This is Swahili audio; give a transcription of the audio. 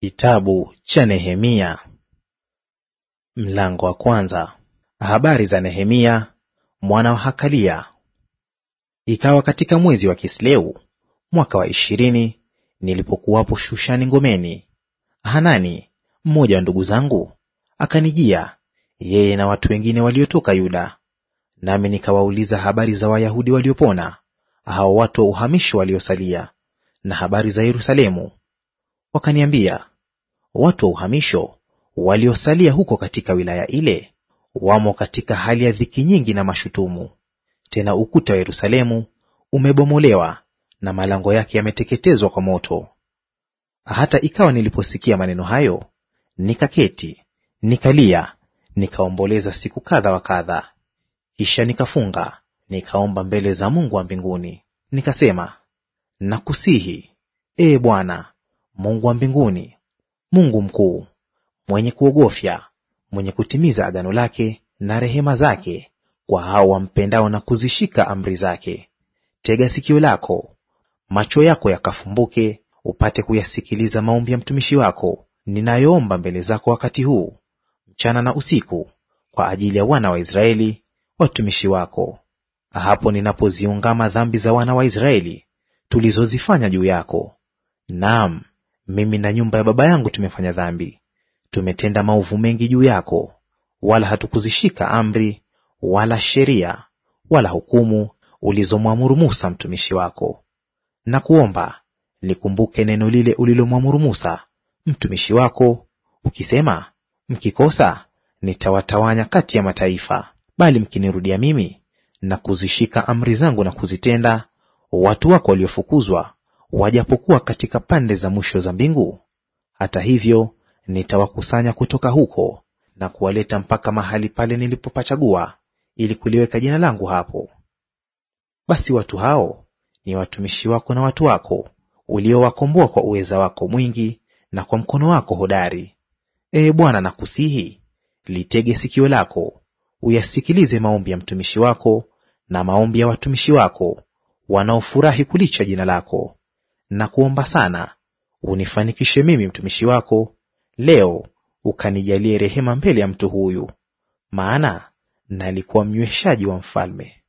Kitabu cha Nehemia mlango wa kwanza. Habari za Nehemia mwana wa Hakalia. Ikawa katika mwezi wa Kisleu mwaka wa ishirini, nilipokuwapo Shushani ngomeni, Hanani mmoja wa ndugu zangu akanijia, yeye na watu wengine waliotoka Yuda, nami nikawauliza habari za Wayahudi waliopona, hao watu wa uhamisho waliosalia, na habari za Yerusalemu Wakaniambia, watu wa uhamisho waliosalia huko katika wilaya ile wamo katika hali ya dhiki nyingi na mashutumu. Tena ukuta wa Yerusalemu umebomolewa na malango yake yameteketezwa kwa moto. Hata ikawa niliposikia maneno hayo, nikaketi, nikalia, nikaomboleza siku kadha wa kadha. Kisha nikafunga, nikaomba mbele za Mungu wa mbinguni, nikasema, nakusihi, Ee Bwana, Mungu wa mbinguni, Mungu mkuu, mwenye kuogofya, mwenye kutimiza agano lake na rehema zake kwa hao wampendao na kuzishika amri zake. Tega sikio lako, macho yako yakafumbuke, upate kuyasikiliza maombi ya mtumishi wako ninayoomba mbele zako wakati huu mchana na usiku, kwa ajili ya wana wa Israeli watumishi wako, hapo ninapoziungama dhambi za wana wa Israeli tulizozifanya juu yako. Naam, mimi na nyumba ya baba yangu tumefanya dhambi, tumetenda maovu mengi juu yako, wala hatukuzishika amri wala sheria wala hukumu ulizomwamuru Musa mtumishi wako. Na kuomba likumbuke neno lile ulilomwamuru Musa mtumishi wako, ukisema, mkikosa nitawatawanya kati ya mataifa, bali mkinirudia mimi na kuzishika amri zangu na kuzitenda, watu wako waliofukuzwa Wajapokuwa katika pande za mwisho za mbingu, hata hivyo nitawakusanya kutoka huko na kuwaleta mpaka mahali pale nilipopachagua ili kuliweka jina langu hapo. Basi watu hao ni watumishi wako na watu wako uliowakomboa kwa uweza wako mwingi na kwa mkono wako hodari. Ee Bwana, nakusihi litege sikio lako uyasikilize maombi ya mtumishi wako na maombi ya watumishi wako wanaofurahi kulicha jina lako na kuomba sana unifanikishe mimi mtumishi wako leo, ukanijalie rehema mbele ya mtu huyu, maana nalikuwa mnyweshaji wa mfalme.